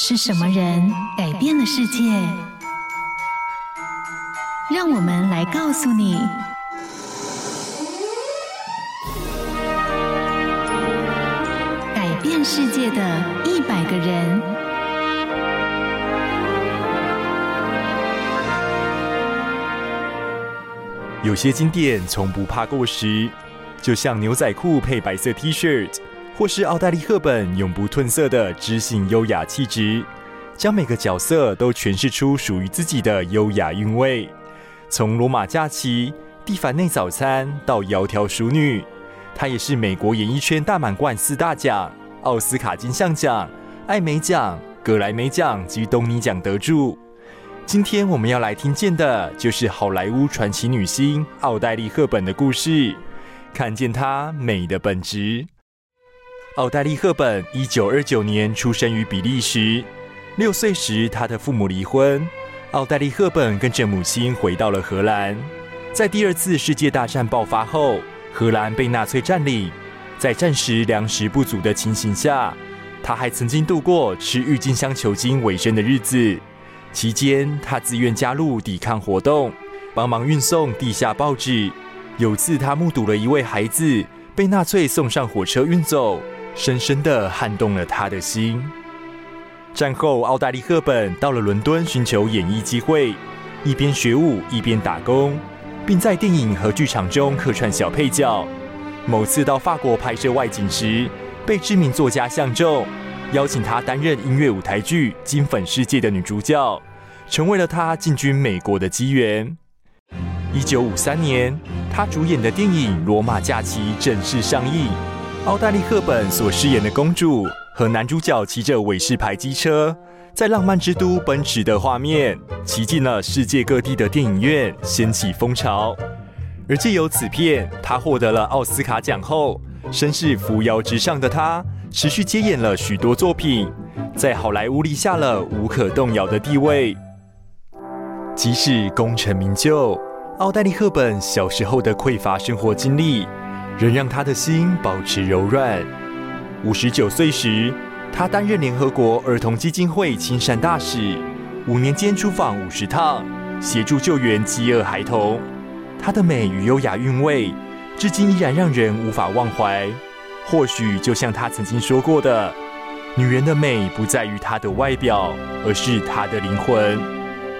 是什麼人改變了世界？讓我們來告訴你：改變世界的一百個人。有些經典從不怕過時，就像牛仔褲配白色 T-shirt，或是奧黛麗·赫本永不褪色的知性優雅氣質，將每個角色都詮釋出屬於自己的優雅韻味。從《羅馬假期》《蒂凡內早餐》到《窈窕淑女》，她也是美國演藝圈大滿貫四大獎——奧斯卡金像獎、艾美獎、格萊美獎及東尼獎得主。今天我們要來聽見的就是好萊塢傳奇女星奧黛麗·赫本的故事，看見她美的本質。奧黛麗·赫本一九二九年出生於比利時。六歲時，她的父母離婚。奧黛麗·赫本跟着母親回到了荷蘭。在第二次世界大戰爆發後，荷蘭被納粹佔領。在戰時糧食不足的情形下，她還曾經度過吃鬱金香球莖為生的日子。期間，她自願加入抵抗活動，幫忙運送地下報紙。有次，她目睹了一位孩子被納粹送上火車運走。深深的撼動了他的心。戰後，奧黛麗赫本到了倫敦尋求演藝機會，一邊學舞一邊打工，並在電影和劇場中客串小配角。某次到法國拍攝外景時，被知名作家相中，邀請他擔任音樂舞台劇《金粉世界》的女主角，成為了他進軍美國的機緣。一九五三年，他主演的電影《羅馬假期》正式上映。奧黛麗·赫本所飾演的公主和男主角騎着偉士牌機車在浪漫之都奔馳的畫面，騎進了世界各地的電影院，掀起風潮。而借由此片，她獲得了奧斯卡獎後，聲勢扶搖直上的她，持續接演了許多作品，在好萊塢立下了無可動搖的地位。即使功成名就，奧黛麗·赫本小時候的匱乏生活經歷，仍讓他的心保持柔軟。五十九歲時，她擔任聯合國兒童基金會親善大使，五年間出訪五十趟，協助救援飢餓孩童。她的美與優雅韻味，至今依然讓人無法忘懷。或許就像她曾經說過的，女人的美不在於她的外表，而是她的靈魂，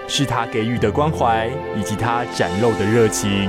是她給予的關懷，以及她展露的熱情。